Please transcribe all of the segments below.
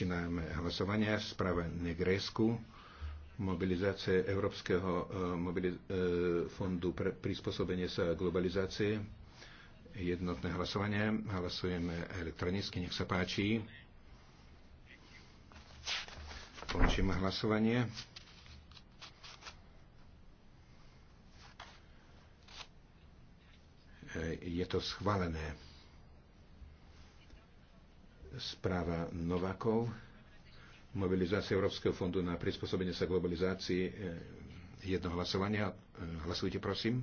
Začíname hlasovania v správe Negresku mobilizácie Európskeho e, mobiliz- e, fondu pre prispôsobenie sa globalizácie. Jednotné hlasovanie. Hlasujeme elektronicky. Nech sa páči. Končím hlasovanie. E, je to schválené. Správa Novakov, mobilizácia Európskeho fondu na prispôsobenie sa globalizácii, eh, jedno hlasovanie. Eh, hlasujte, prosím.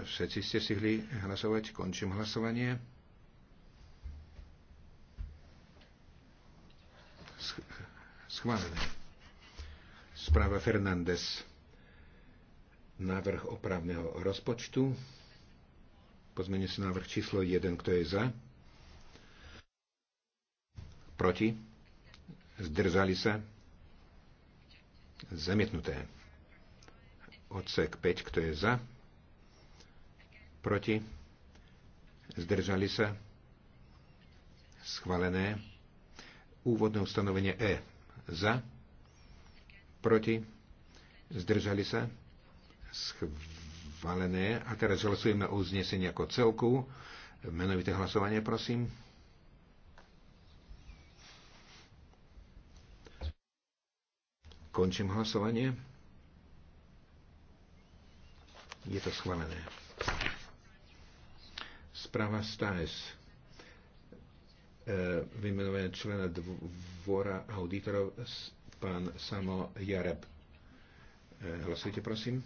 Všetci ste stihli hlasovať. Končím hlasovanie. Schválené. Správa Fernández návrh opravného rozpočtu. Pozmenie sa návrh číslo 1, kto je za. Proti? Zdržali sa? Zamietnuté. Odsek 5, kto je za? Proti? Zdržali sa? Schválené. Úvodné ustanovenie E. Za? Proti? Zdržali sa? Schválené. A teraz hlasujeme o uznesení ako celku. Menovité hlasovanie, prosím. Končím hlasovanie. Je to schválené. Správa STAES. E, vymenovanie člena dvora auditorov pán Samo Jareb. E, hlasujte, prosím.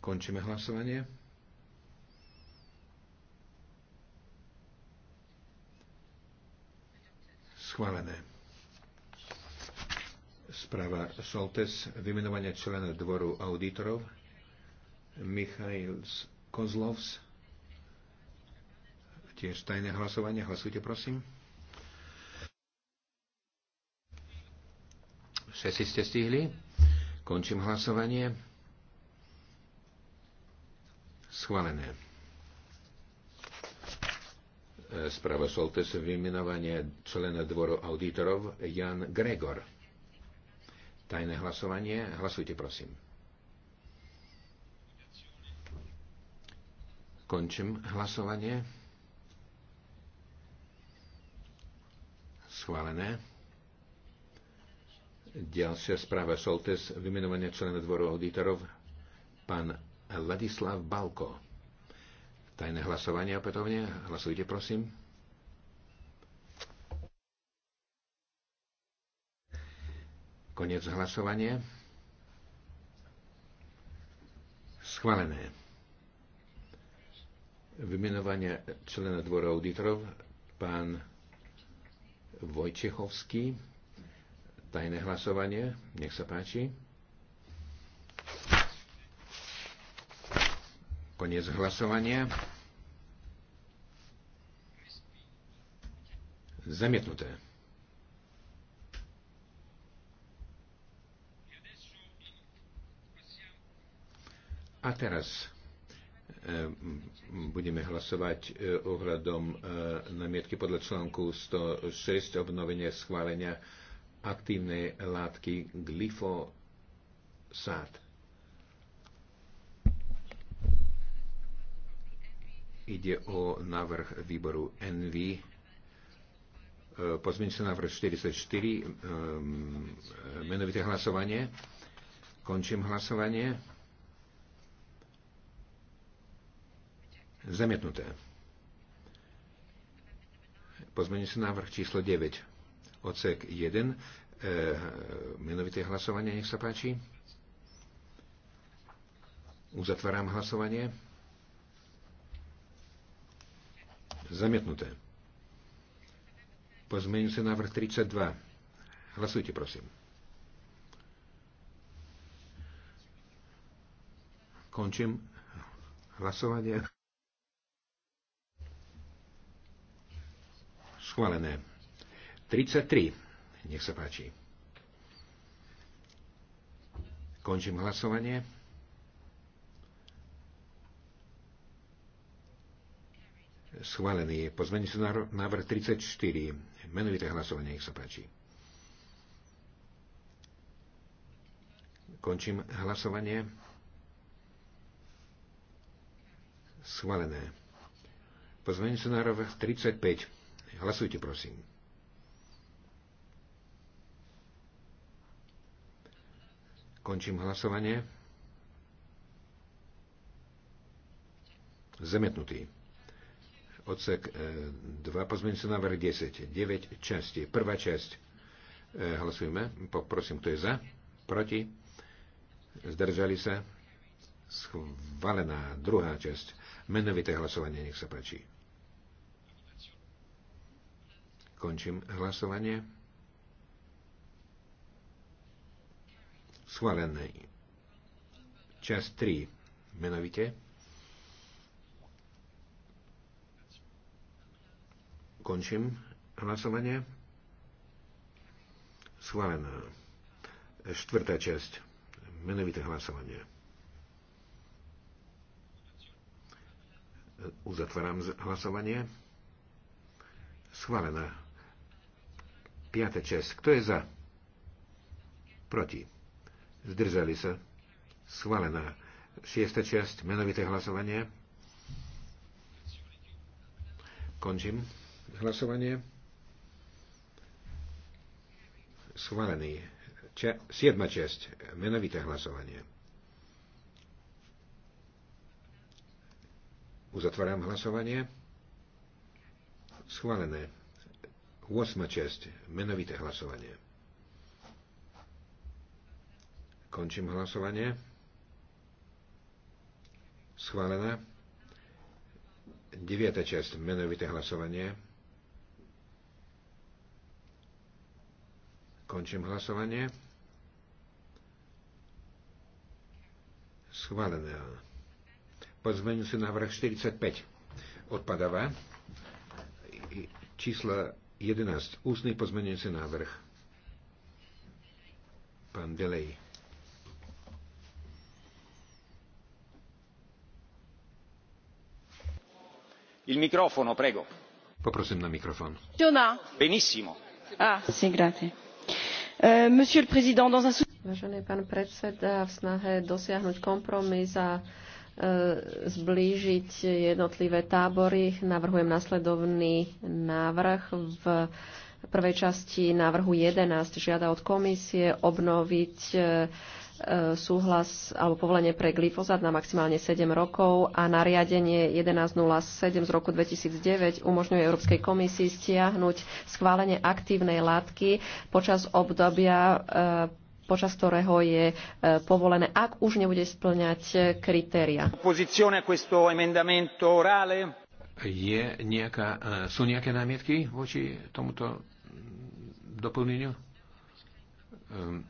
Končíme hlasovanie. Schválené. Správa Soltes, vymenovanie člena dvoru auditorov, Michail Kozlovs, tiež tajné hlasovanie. Hlasujte, prosím. Všetci ste stihli. Končím hlasovanie. Schválené správa Soltes, vymenovanie člena dvoru auditorov Jan Gregor. Tajné hlasovanie. Hlasujte, prosím. Končím hlasovanie. Schválené. Ďalšia správa Soltes, vymenovanie člena dvoru auditorov, Pan Ladislav Balko. Tajné hlasovanie opätovne. Hlasujte, prosím. Konec hlasovania. Schválené. Vymenovanie člena dvora auditorov pán Vojčechovský. Tajné hlasovanie. Nech sa páči. Konec hlasovania. Zamietnuté. A teraz eh, budeme hlasovať eh, ohľadom eh, namietky podľa článku 106 obnovenie schválenia aktívnej látky glyfosát. Ide o návrh výboru NV Pozmeňujúci návrh 44, ehm, menovité hlasovanie. Končím hlasovanie. Zamietnuté. Pozmeňujúci návrh číslo 9, odsek 1, ehm, menovité hlasovanie, nech sa páči. Uzatváram hlasovanie. Zamietnuté. Pozmeň sa návrh 32. Hlasujte, prosím. Končím hlasovanie. Schválené. 33. Nech sa páči. Končím hlasovanie. Schválený. Pozmení sa návrh 34. Menovité hlasovanie, nech sa páči. Končím hlasovanie. Schválené. Pozvanie sa na 35. Hlasujte, prosím. Končím hlasovanie. Zemetnutý odsek 2, e, pozmeňujúci návrh 10, 9 časti. Prvá časť, e, hlasujeme, poprosím, kto je za, proti, zdržali sa, schválená druhá časť, menovité hlasovanie, nech sa páči. Končím hlasovanie. Schválené. Časť 3, menovite. Končím hlasovanie. Schválená. Štvrtá časť. Menovité hlasovanie. Uzatváram hlasovanie. Schválená. Piatá časť. Kto je za? Proti. Zdržali sa. Schválená. Šiesta časť. Menovité hlasovanie. Končím. Hlasovanie. Schválený. Ča- siedma časť. Menovité hlasovanie. Uzatváram hlasovanie. Schválené. 8. časť. Menovité hlasovanie. Končím hlasovanie. Schválené. 9. časť. Menovité hlasovanie. Končím hlasovanie. Schválené. si návrh 45 odpadáva. Čísla 11. Ústny pozmeňujúci návrh. Pán Delej. Il microfono, prego. Poprosím na mikrofón. Benissimo. Ah, sì, grazie Eh, monsieur le Président, dans un Vážený pán predseda, v snahe dosiahnuť kompromis a eh, zblížiť jednotlivé tábory. Navrhujem nasledovný návrh v prvej časti návrhu 11. Žiada od komisie obnoviť eh, E, súhlas alebo povolenie pre glyfozát na maximálne 7 rokov a nariadenie 1107 z roku 2009 umožňuje Európskej komisii stiahnuť schválenie aktívnej látky počas obdobia e, počas ktorého je e, povolené, ak už nebude splňať kritéria. Je nejaká, sú nejaké námietky voči tomuto doplneniu? Ehm,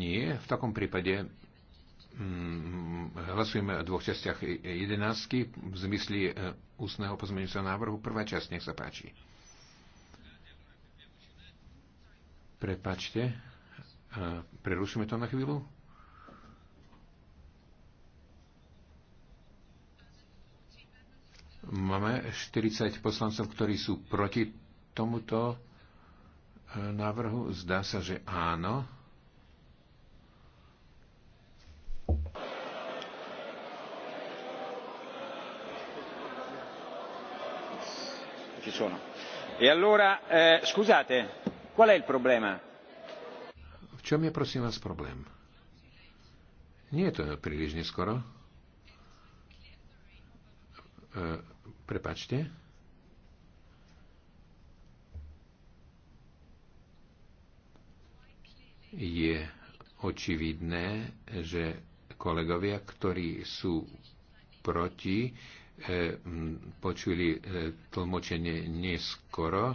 nie, v takom prípade mm, hlasujeme o dvoch častiach e, e, jedenáctky v zmysli e, ústneho pozmeňujúceho návrhu. Prvá časť, nech sa páči. Prepačte, prerušíme to na chvíľu. Máme 40 poslancov, ktorí sú proti tomuto návrhu? Zdá sa, že áno. E allora, eh, scusate, qual è il problema? V čom je, prosím vás, problém? Nie je to príliš neskoro. E, prepačte. je očividné, že kolegovia, ktorí sú proti, e, počuli e, tlmočenie neskoro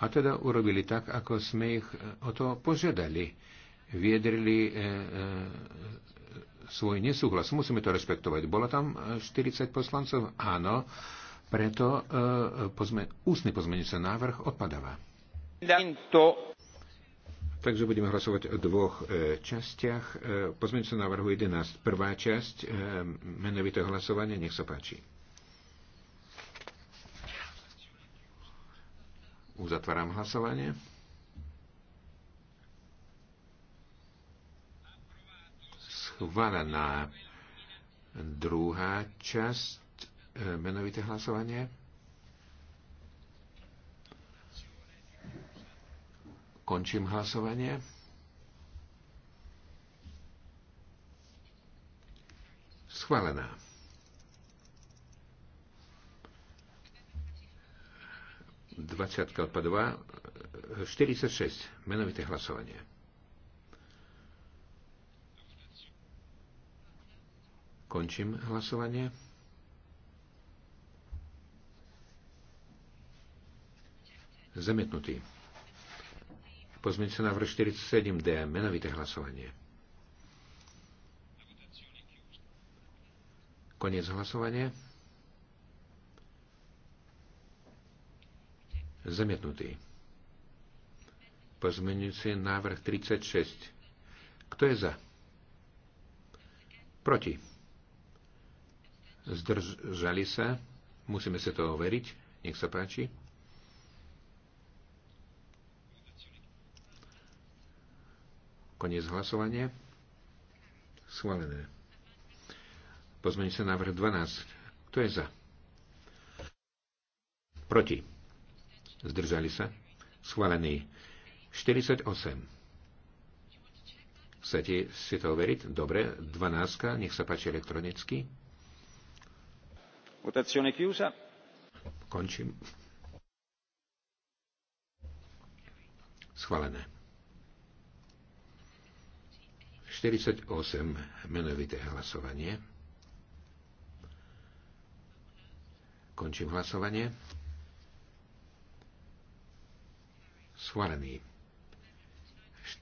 a teda urobili tak, ako sme ich e, o to požiadali. Viedrili svoj nesúhlas. Musíme to respektovať. Bolo tam 40 poslancov? Áno. Preto ústny pozmeňujúci návrh odpadáva. Takže budeme hlasovať o dvoch e, častiach. E, sa návrhu 11. Prvá časť, e, menovité hlasovanie, nech sa páči. Uzatváram hlasovanie. Schválená druhá časť, menovité hlasovanie. Končím hlasovanie. Schválená. Dvaciatka odpadová. 46. Menovité hlasovanie. Končím hlasovanie. Zamietnutý. Pozmeňte sa návrh 47D, menovité hlasovanie. Koniec hlasovania. Zamietnutý. Pozmeňujúci návrh 36. Kto je za? Proti. Zdržali sa? Musíme sa to overiť. Nech sa páči. Koniec hlasovania. Schválené. Pozmeň sa návrh 12. Kto je za? Proti. Zdržali sa. Schválený. 48. Chcete si to overiť? Dobre. 12. Nech sa páči elektronicky. Votazione chiusa. Končím. Schválené. 48 menovité hlasovanie. Končím hlasovanie. Schválený.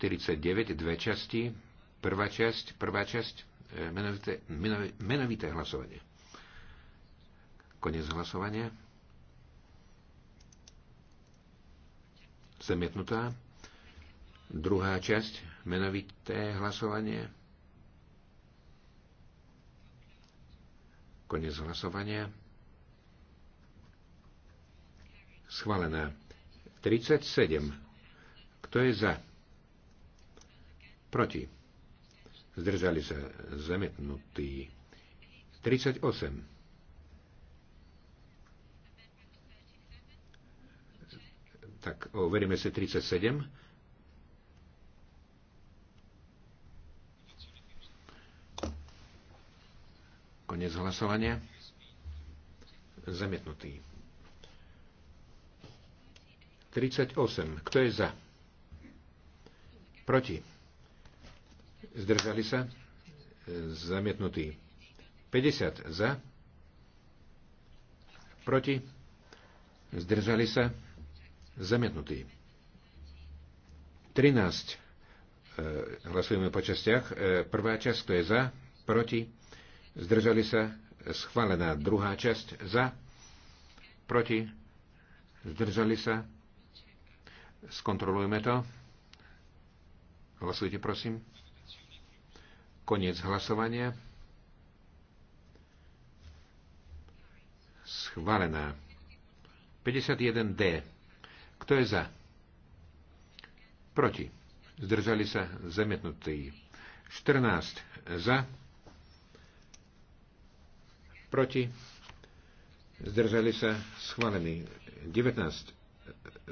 49, dve časti. Prvá časť, prvá časť, e, menovité, menovité, menovité hlasovanie. Konec hlasovania. Zamietnutá. Druhá časť, menovité hlasovanie. Konec hlasovania. Schválená. 37. Kto je za? Proti. Zdržali sa zametnutí. 38. Tak overíme si 37. Konec hlasovania. Zamietnutý. 38. Kto je za? Proti. Zdržali sa? Zamietnutý. 50 za. Proti. Zdržali sa? Zamietnutý. 13. E, hlasujeme po častiach. E, prvá časť, kto je za? Proti zdržali sa, schválená druhá časť za, proti, zdržali sa, skontrolujme to. Hlasujte, prosím. Koniec hlasovania. Schválená. 51D. Kto je za? Proti. Zdržali sa zemetnutí. 14 za proti, zdržali sa schválení. 19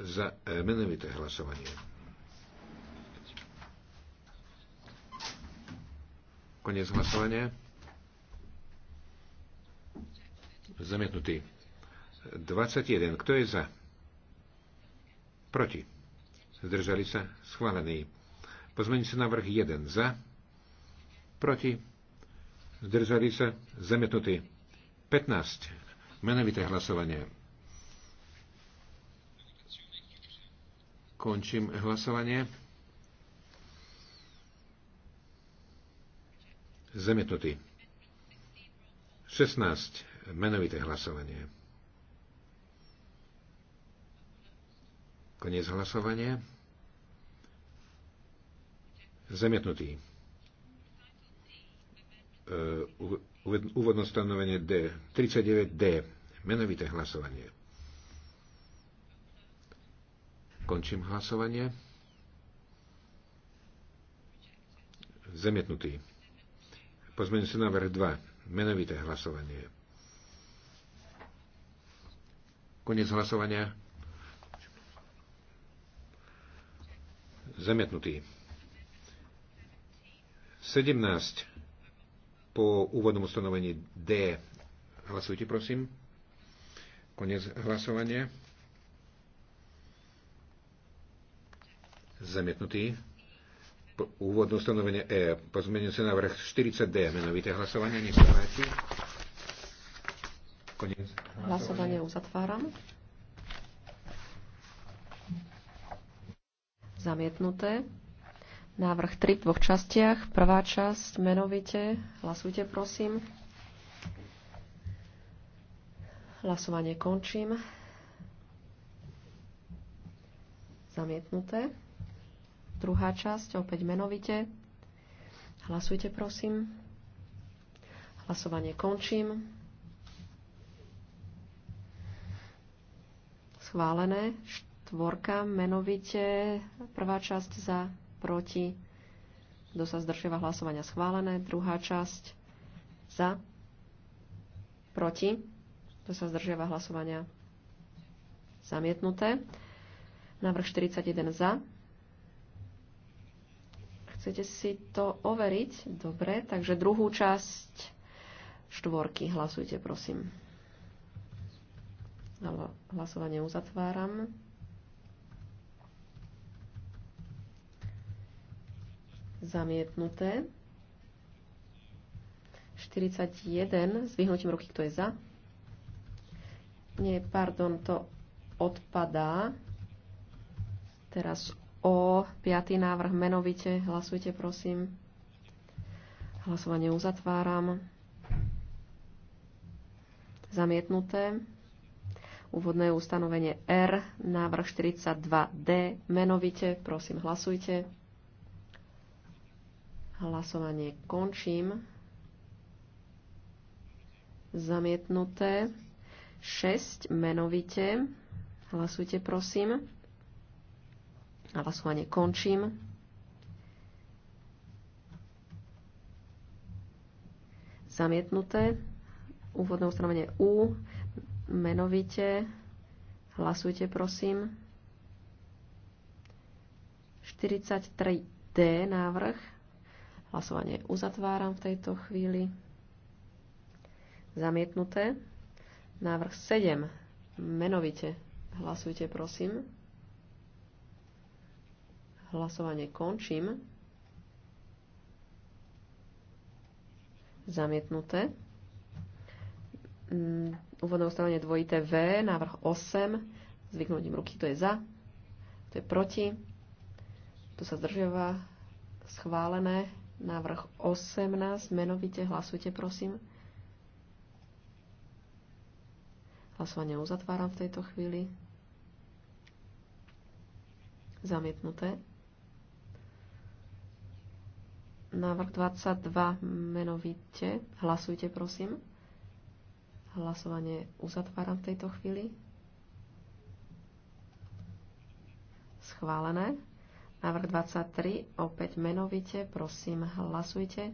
za e, menovité hlasovanie. Konec hlasovania. Zamietnutý. 21. Kto je za? Proti. Zdržali sa? Schválený. Pozmení sa návrh 1. Za? Proti. Zdržali sa? Zamietnutý. 15. Menovité hlasovanie. Končím hlasovanie. Zemetnutý. 16. Menovité hlasovanie. Koniec hlasovanie. Zamietnutý. E, úvodné stanovenie D. 39D. Menovité hlasovanie. Končím hlasovanie. Zamietnutý. sa návrh 2. Menovité hlasovanie. Konec hlasovania. Zamietnutý. 17 po úvodnom ustanovení D. Hlasujte, prosím. Konec hlasovania. Zamietnutý. Po úvodné ustanovenie E. Pozmenujúci návrh 40D. Menovité hlasovanie. Nech sa páči. Konec hlasovania. Hlasovanie uzatváram. Zamietnuté. Návrh 3 v dvoch častiach. Prvá časť menovite. Hlasujte, prosím. Hlasovanie končím. Zamietnuté. Druhá časť, opäť menovite. Hlasujte, prosím. Hlasovanie končím. Schválené. Štvorka, menovite. Prvá časť za proti, kto sa zdržiava hlasovania schválené, druhá časť za, proti, kto sa zdržiava hlasovania zamietnuté, návrh 41 za. Chcete si to overiť? Dobre, takže druhú časť štvorky hlasujte, prosím. Hlasovanie uzatváram. Zamietnuté. 41 s vyhnutím ruky, kto je za. Nie, pardon, to odpadá. Teraz o piatý návrh menovite. Hlasujte, prosím. Hlasovanie uzatváram. Zamietnuté. Úvodné ustanovenie R, návrh 42D, menovite, prosím, hlasujte. Hlasovanie končím. Zamietnuté. 6 menovite. Hlasujte prosím. Hlasovanie končím. Zamietnuté. Úvodné ustanovenie U. Menovite. Hlasujte prosím. 43D návrh. Hlasovanie uzatváram v tejto chvíli. Zamietnuté. Návrh 7. Menovite. Hlasujte, prosím. Hlasovanie končím. Zamietnuté. Mm, úvodné ustanovenie dvojité V, návrh 8. Zvyknutím ruky, to je za, to je proti. Tu sa zdržiava schválené Návrh 18. Menovite hlasujte, prosím. Hlasovanie uzatváram v tejto chvíli. Zamietnuté. Návrh 22. Menovite. Hlasujte, prosím. Hlasovanie uzatváram v tejto chvíli. Schválené. Návrh 23, opäť menovite, prosím, hlasujte.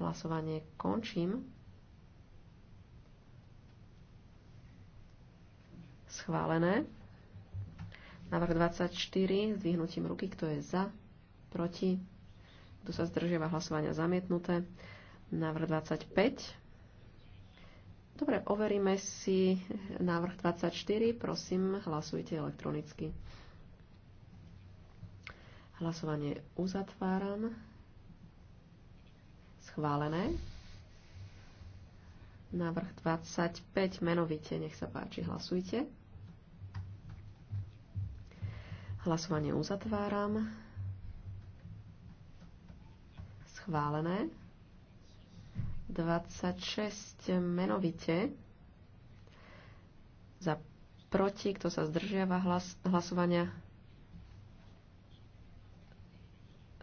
Hlasovanie končím. Schválené. Návrh 24, zdvihnutím ruky, kto je za, proti, kto sa zdržiava hlasovania zamietnuté. Návrh 25. Dobre, overíme si návrh 24. Prosím, hlasujte elektronicky. Hlasovanie uzatváram. Schválené. Návrh 25 menovite, nech sa páči, hlasujte. Hlasovanie uzatváram. Schválené. 26 menovite. Za proti, kto sa zdržiava hlas, hlasovania,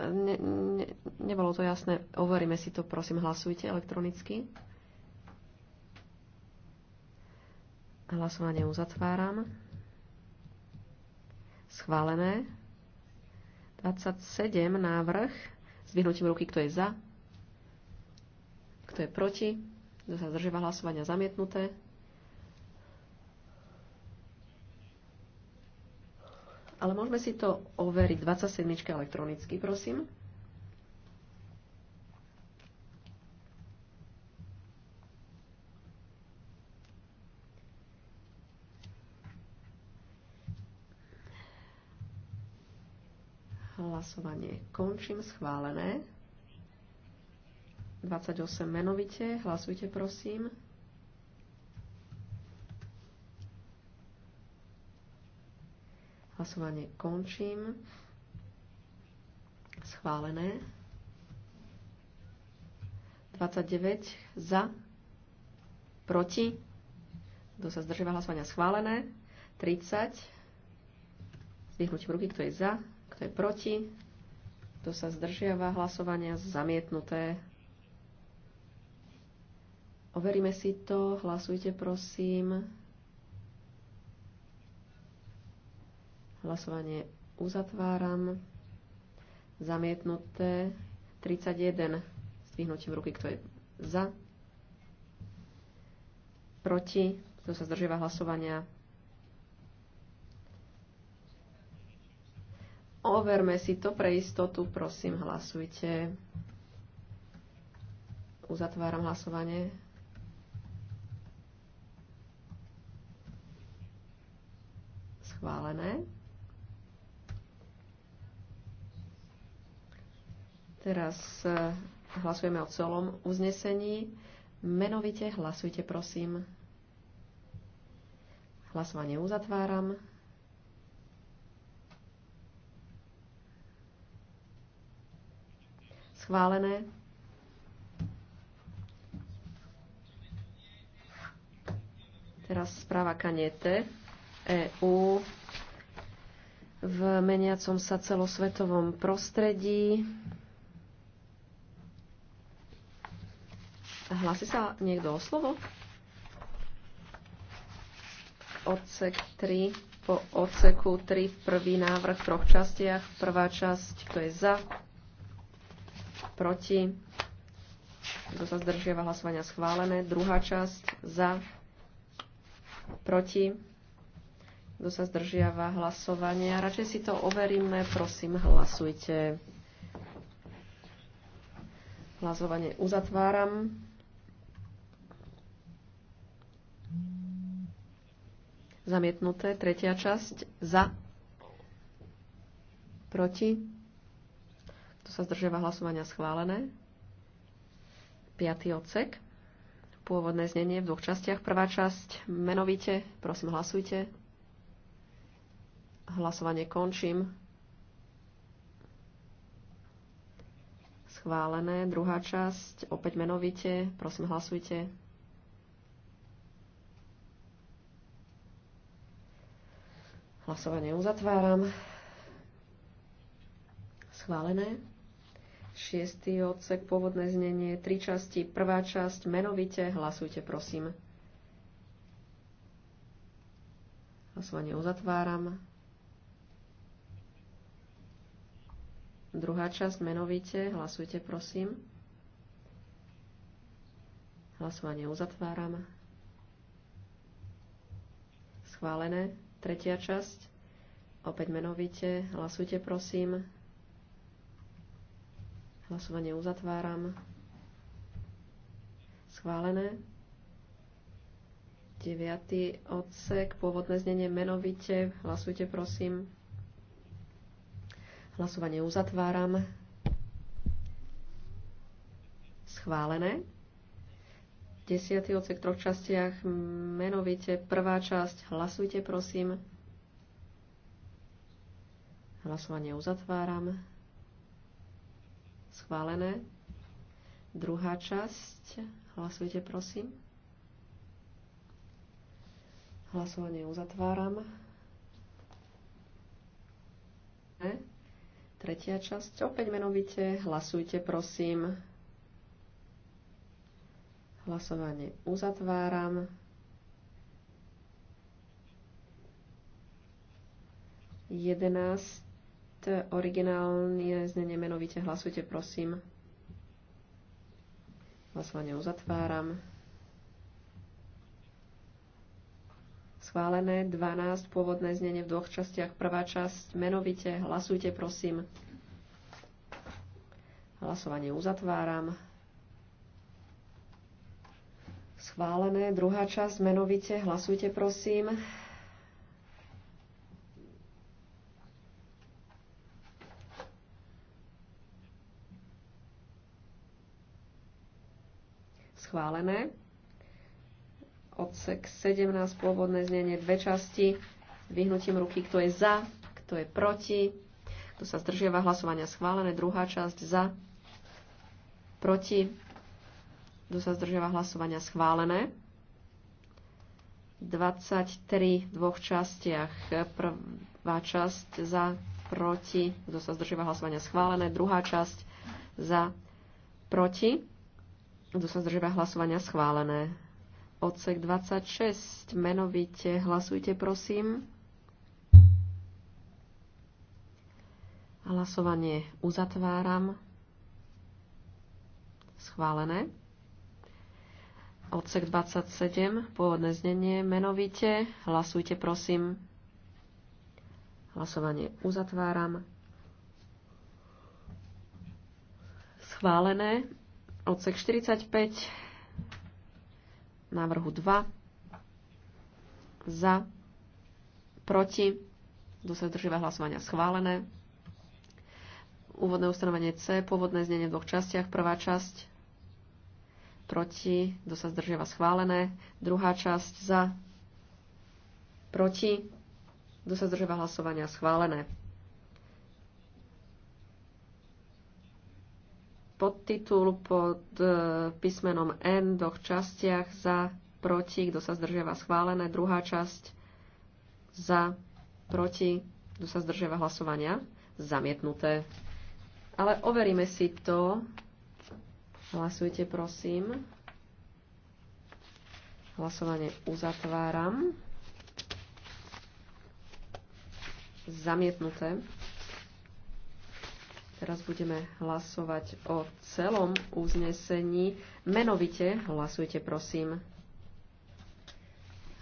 ne, ne, nebolo to jasné. Overíme si to, prosím, hlasujte elektronicky. Hlasovanie uzatváram. Schválené. 27 návrh. Zvihnutím ruky, kto je za. Kto je proti. Kto sa zdržiava hlasovania zamietnuté. ale môžeme si to overiť. 27. elektronicky, prosím. Hlasovanie končím, schválené. 28 menovite, hlasujte prosím. Hlasovanie končím. Schválené. 29 za, proti. Kto sa zdržíva hlasovania? Schválené. 30. Zdvihnutím ruky, kto je za, kto je proti. Kto sa zdržiava hlasovania? Zamietnuté. Overíme si to. Hlasujte, prosím. Hlasovanie uzatváram. Zamietnuté 31 s ruky, kto je za. Proti, kto sa zdržíva hlasovania. Overme si to pre istotu, prosím, hlasujte. Uzatváram hlasovanie. Schválené. Teraz e, hlasujeme o celom uznesení. Menovite hlasujte, prosím. Hlasovanie uzatváram. Schválené. Teraz správa Kanete. EU v meniacom sa celosvetovom prostredí. Hlási sa niekto o slovo? Odsek 3 po odseku 3 prvý návrh v troch častiach. Prvá časť, kto je za, proti, kto sa zdržiava hlasovania schválené. Druhá časť, za, proti, kto sa zdržiava hlasovania. Radšej si to overíme, prosím, hlasujte. Hlasovanie uzatváram. Zamietnuté. Tretia časť. Za. Proti. To sa zdržiava hlasovania schválené. Piatý odsek. Pôvodné znenie v dvoch častiach. Prvá časť menovite. Prosím, hlasujte. Hlasovanie končím. Schválené. Druhá časť. Opäť menovite. Prosím, hlasujte. Hlasovanie uzatváram. Schválené. Šiestý odsek, pôvodné znenie, tri časti, prvá časť, menovite, hlasujte prosím. Hlasovanie uzatváram. Druhá časť, menovite, hlasujte prosím. Hlasovanie uzatváram. Schválené. Tretia časť. Opäť menovite. Hlasujte, prosím. Hlasovanie uzatváram. Schválené. 9. odsek, pôvodné znenie menovite. Hlasujte, prosím. Hlasovanie uzatváram. Schválené desiatý odsek troch častiach, menovite prvá časť. Hlasujte, prosím. Hlasovanie uzatváram. Schválené. Druhá časť. Hlasujte, prosím. Hlasovanie uzatváram. Tretia časť. Opäť menovite. Hlasujte, prosím. Hlasovanie uzatváram. Jedenáct originálne znenie menovite. Hlasujte, prosím. Hlasovanie uzatváram. Schválené 12 pôvodné znenie v dvoch častiach. Prvá časť menovite. Hlasujte, prosím. Hlasovanie uzatváram. Schválené. Druhá časť menovite. Hlasujte, prosím. Schválené. Odsek 17, pôvodné znenie, dve časti. Vyhnutím ruky, kto je za, kto je proti. Kto sa zdržiava hlasovania schválené. Druhá časť za, proti kto sa zdržiava hlasovania? Schválené. 23 v dvoch častiach. Prvá časť za, proti. Kto sa zdržiava hlasovania? Schválené. Druhá časť za, proti. Kto sa zdržiava hlasovania? Schválené. Odsek 26. Menovite hlasujte, prosím. Hlasovanie uzatváram. Schválené odsek 27, pôvodné znenie, menovite. Hlasujte, prosím. Hlasovanie uzatváram. Schválené. Odsek 45, návrhu 2. Za, proti, kto sa zdržíva hlasovania, schválené. Úvodné ustanovenie C, pôvodné znenie v dvoch častiach. Prvá časť proti, kto sa zdržiava schválené, druhá časť za, proti, kto sa zdržiava hlasovania schválené. Podtitul pod e, písmenom N v dvoch častiach za, proti, kto sa zdržiava schválené, druhá časť za, proti, kto sa zdržiava hlasovania, zamietnuté. Ale overíme si to, Hlasujte, prosím. Hlasovanie uzatváram. Zamietnuté. Teraz budeme hlasovať o celom uznesení. Menovite hlasujte, prosím.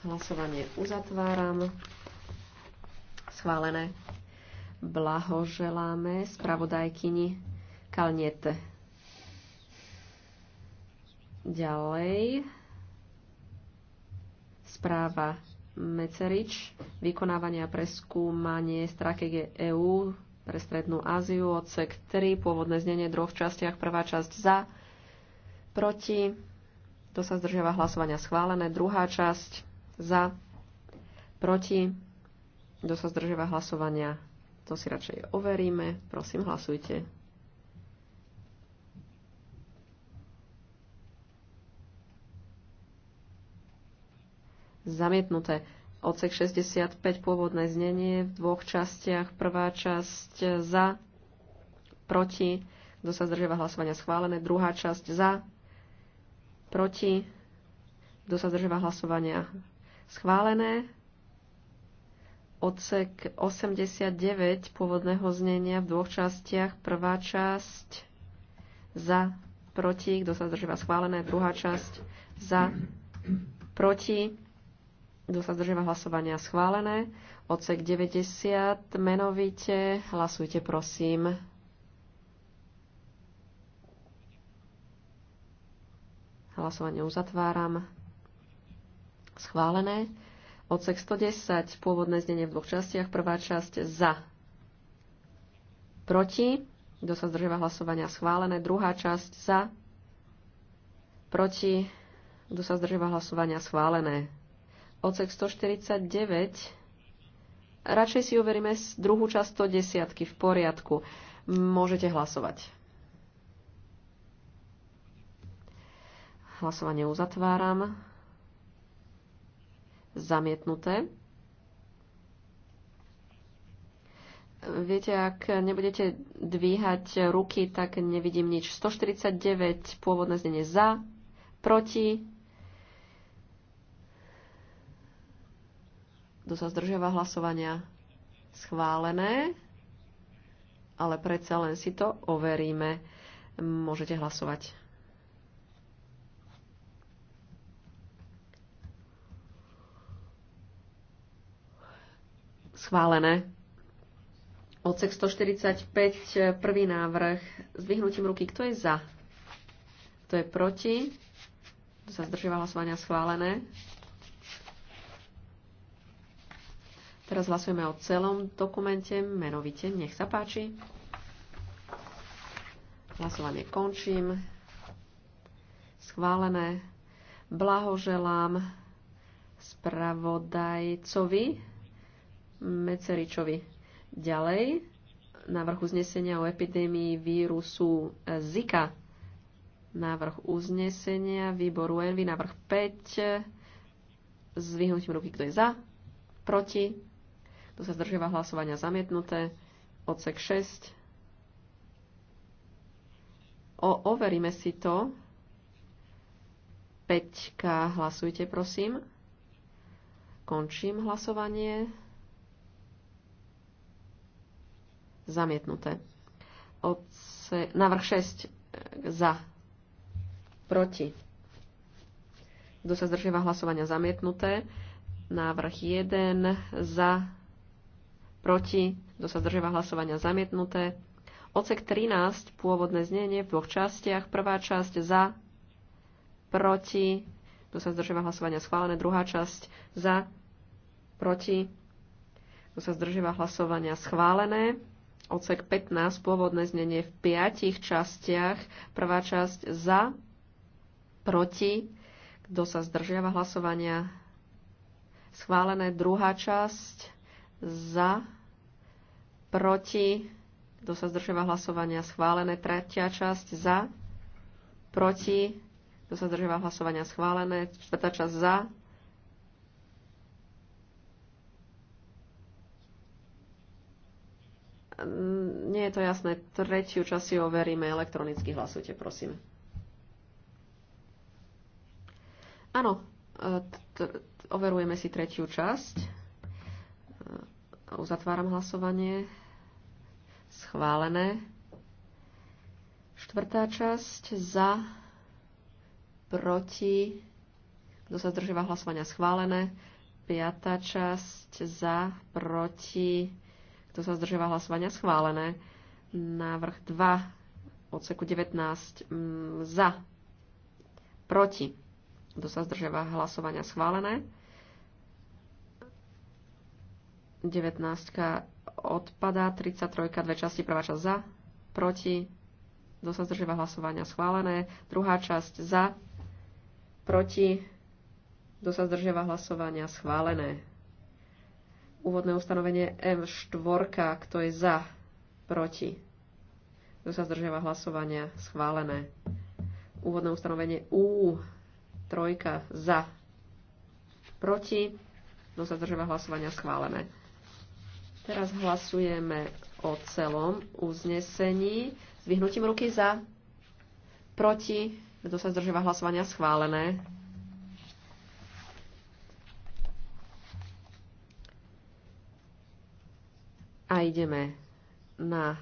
Hlasovanie uzatváram. Schválené. Blahoželáme spravodajkyni Kalniete. Ďalej správa Mecerič, vykonávanie a preskúmanie stratégie EÚ pre Strednú Áziu, odsek 3, pôvodné znenie v častiach, prvá časť za, proti, to sa zdržiava hlasovania schválené, druhá časť za, proti, to sa zdržiava hlasovania, to si radšej overíme, prosím hlasujte. zamietnuté. Odsek 65 pôvodné znenie v dvoch častiach. Prvá časť za, proti, kto sa zdržiava hlasovania schválené. Druhá časť za, proti, kto sa zdržiava hlasovania schválené. Odsek 89 pôvodného znenia v dvoch častiach. Prvá časť za, proti, kto sa zdržiava schválené. Druhá časť za, proti, kto sa zdržiava hlasovania schválené. Odsek 90 menovite. Hlasujte prosím. Hlasovanie uzatváram. Schválené. Odsek 110. Pôvodné znenie v dvoch častiach. Prvá časť za. Proti. Kto sa zdržiava hlasovania schválené. Druhá časť za. Proti. Kto sa zdržiava hlasovania schválené odsek 149. Radšej si overíme druhú časť 110 v poriadku. Môžete hlasovať. Hlasovanie uzatváram. Zamietnuté. Viete, ak nebudete dvíhať ruky, tak nevidím nič. 149 pôvodné znenie za, proti, Kto sa zdržiava hlasovania? Schválené. Ale predsa len si to overíme. Môžete hlasovať. Schválené. Odsek 145, prvý návrh. Zvihnutím ruky. Kto je za? Kto je proti? Kto sa zdržiava hlasovania? Schválené. Teraz hlasujeme o celom dokumente, menovite. Nech sa páči. Hlasovanie končím. Schválené. Blahoželám spravodajcovi Meceričovi. Ďalej, návrh uznesenia o epidémii vírusu Zika. Návrh uznesenia výboru Envy, návrh 5. S vyhnutím ruky, kto je za, proti, kto sa zdržiava hlasovania zamietnuté? Odsek 6. O, overíme si to. Peťka, hlasujte prosím. Končím hlasovanie. Zamietnuté. Odse, návrh 6 e, za. Proti. Kto sa zdržiava hlasovania zamietnuté? Návrh 1 za proti, kto sa zdržiava hlasovania zamietnuté. Ocek 13, pôvodné znenie v dvoch častiach. Prvá časť za, proti, kto sa zdržiava hlasovania schválené. Druhá časť za, proti, kto sa zdržiava hlasovania schválené. Ocek 15, pôvodné znenie v piatich častiach. Prvá časť za, proti, kto sa zdržiava hlasovania schválené. Druhá časť za, proti, kto sa zdržiava hlasovania schválené, tretia časť za, proti, kto sa zdržiava hlasovania schválené, štvrtá časť za, mm, nie je to jasné. Tretiu časť si overíme elektronicky. Hlasujte, prosím. Áno, e, overujeme si tretiu časť. Uzatváram hlasovanie. Schválené. Štvrtá časť za, proti, kto sa zdržíva hlasovania schválené. Piatá časť za, proti, kto sa zdržíva hlasovania schválené. Návrh 2 odseku 19 mm, za, proti, kto sa zdržíva hlasovania schválené. 19 odpadá, 33 dve časti, prvá časť za, proti, kto sa zdržíva hlasovania schválené, druhá časť za, proti, kto sa zdržiava hlasovania schválené. Úvodné ustanovenie M4, kto je za, proti, kto sa zdržiava hlasovania schválené. Úvodné ustanovenie U, trojka, za, proti, kto sa zdržíva hlasovania schválené Teraz hlasujeme o celom uznesení. S vyhnutím ruky za, proti, kto sa zdržíva hlasovania, schválené. A ideme na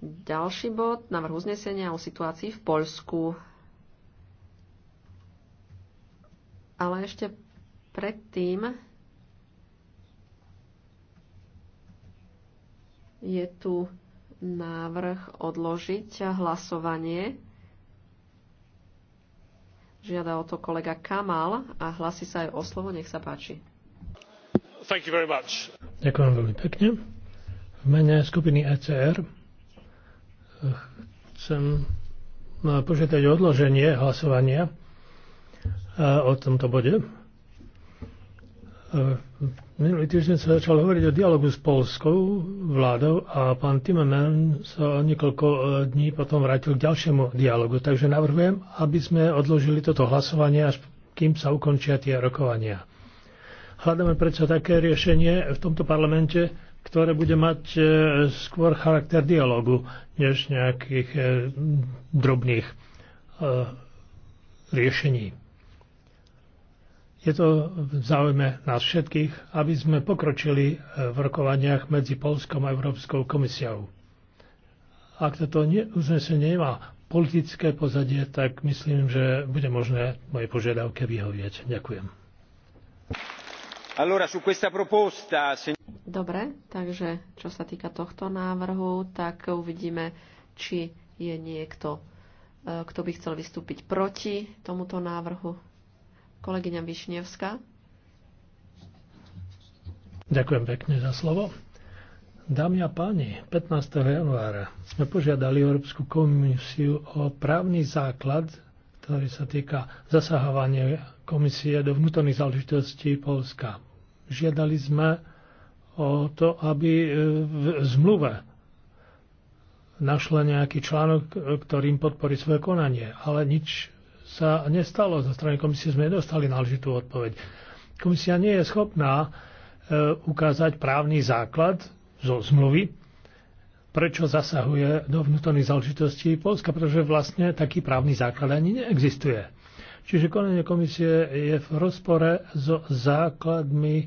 ďalší bod, návrh uznesenia o situácii v Poľsku. Ale ešte predtým Je tu návrh odložiť hlasovanie. Žiada o to kolega Kamal a hlasí sa aj o slovo. Nech sa páči. Thank you very much. Ďakujem veľmi pekne. V mene skupiny ECR eh, chcem eh, požiadať odloženie hlasovania eh, o tomto bode E, minulý týždeň sa začal hovoriť o dialogu s polskou vládou a pán Timmerman sa niekoľko e, dní potom vrátil k ďalšiemu dialogu. Takže navrhujem, aby sme odložili toto hlasovanie, až kým sa ukončia tie rokovania. Hľadáme predsa také riešenie v tomto parlamente, ktoré bude mať e, skôr charakter dialogu, než nejakých drobných riešení. Je to v záujme nás všetkých, aby sme pokročili e, v rokovaniach medzi Polskom a Európskou komisiou. Ak toto uznesenie nemá politické pozadie, tak myslím, že bude možné mojej požiadavke vyhovieť. Ďakujem. Dobre, takže čo sa týka tohto návrhu, tak uvidíme, či je niekto, e, kto by chcel vystúpiť proti tomuto návrhu. Kolegyňa Višnevská. Ďakujem pekne za slovo. Dámy a páni, 15. januára sme požiadali Európsku komisiu o právny základ, ktorý sa týka zasahovania komisie do vnútorných záležitostí Polska. Žiadali sme o to, aby e, v zmluve našla nejaký článok, ktorým podporí svoje konanie, ale nič sa nestalo. Zo strany komisie sme nedostali náležitú odpoveď. Komisia nie je schopná e, ukázať právny základ zo zmluvy, prečo zasahuje do vnútorných záležitostí Polska, pretože vlastne taký právny základ ani neexistuje. Čiže konanie komisie je v rozpore so základmi e,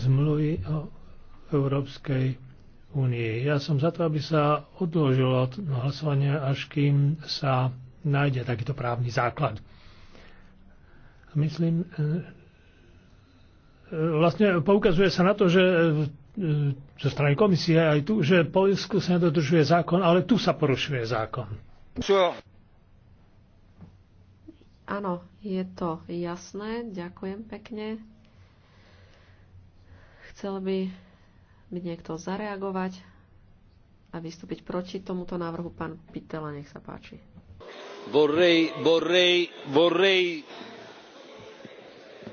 zmluvy o Európskej únii. Ja som za to, aby sa odložilo hlasovanie, až kým sa nájde takýto právny základ. Myslím, e, e, vlastne poukazuje sa na to, že e, zo strany komisie aj tu, že Polsku sa nedodržuje zákon, ale tu sa porušuje zákon. Čo? Áno, je to jasné. Ďakujem pekne. Chcel by, by niekto zareagovať a vystúpiť proti tomuto návrhu. Pán Pitela, nech sa páči vorrei, vorrei, vorrei,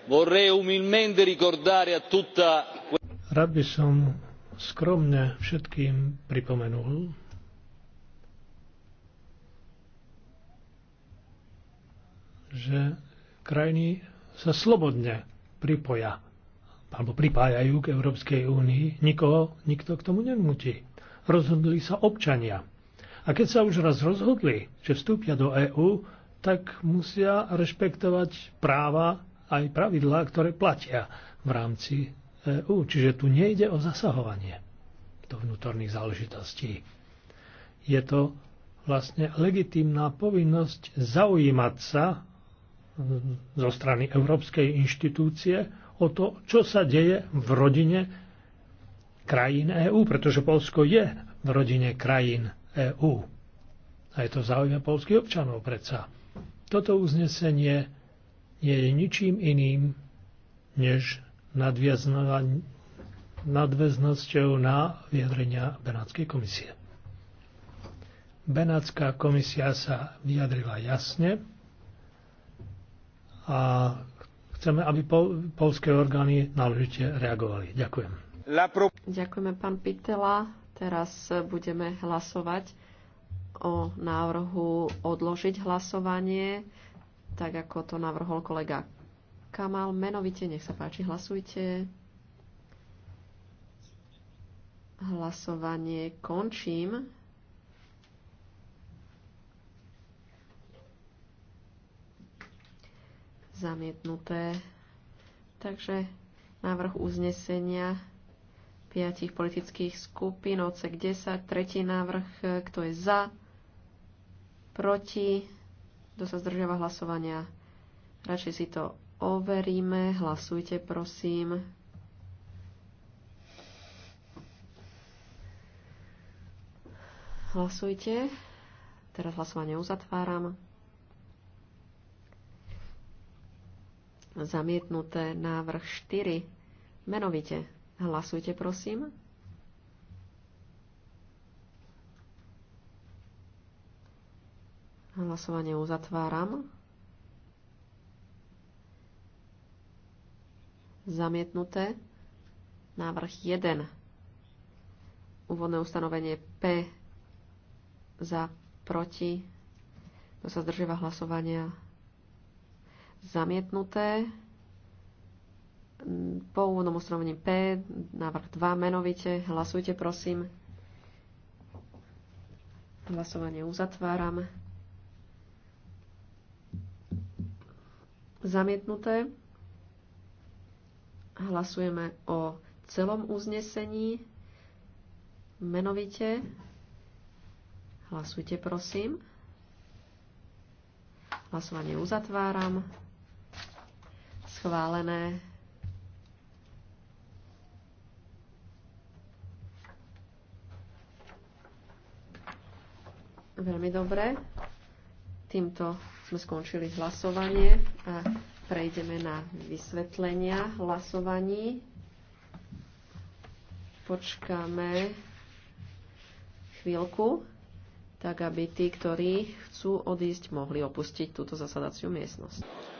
vorrei umilmente ricordare a tutta... Rád by som skromne všetkým pripomenul, že krajiny sa slobodne pripoja alebo pripájajú k Európskej únii. Nikoho, nikto k tomu nenúti. Rozhodli sa občania. A keď sa už raz rozhodli, že vstúpia do EÚ, tak musia rešpektovať práva aj pravidlá, ktoré platia v rámci EÚ. Čiže tu nejde o zasahovanie do vnútorných záležitostí. Je to vlastne legitímna povinnosť zaujímať sa mm, zo strany Európskej inštitúcie o to, čo sa deje v rodine krajín EÚ, pretože Polsko je v rodine krajín EÚ. A je to záujme polských občanov predsa. Toto uznesenie nie je ničím iným, než nadväznosťou na vyjadrenia Benátskej komisie. Benátska komisia sa vyjadrila jasne a chceme, aby pol- polské orgány náležite reagovali. Ďakujem. Ďakujeme, pán Pitela. Teraz budeme hlasovať o návrhu odložiť hlasovanie, tak ako to navrhol kolega Kamal. Menovite, nech sa páči, hlasujte. Hlasovanie končím. Zamietnuté. Takže návrh uznesenia piatich politických skupín, odsek 10, tretí návrh, e, kto je za, proti, kto sa zdržiava hlasovania. Radšej si to overíme, hlasujte prosím. Hlasujte. Teraz hlasovanie uzatváram. Zamietnuté návrh 4. Menovite. Hlasujte, prosím. Hlasovanie uzatváram. Zamietnuté. Návrh 1. Úvodné ustanovenie P za proti. To sa zdržíva hlasovania. Zamietnuté. Po úvodnom ustanovení P, návrh 2, menovite, hlasujte prosím. Hlasovanie uzatváram. Zamietnuté. Hlasujeme o celom uznesení. Menovite. Hlasujte, prosím. Hlasovanie uzatváram. Schválené. Veľmi dobre. Týmto sme skončili hlasovanie a prejdeme na vysvetlenia hlasovaní. Počkáme chvíľku, tak aby tí, ktorí chcú odísť, mohli opustiť túto zasadaciu miestnosť.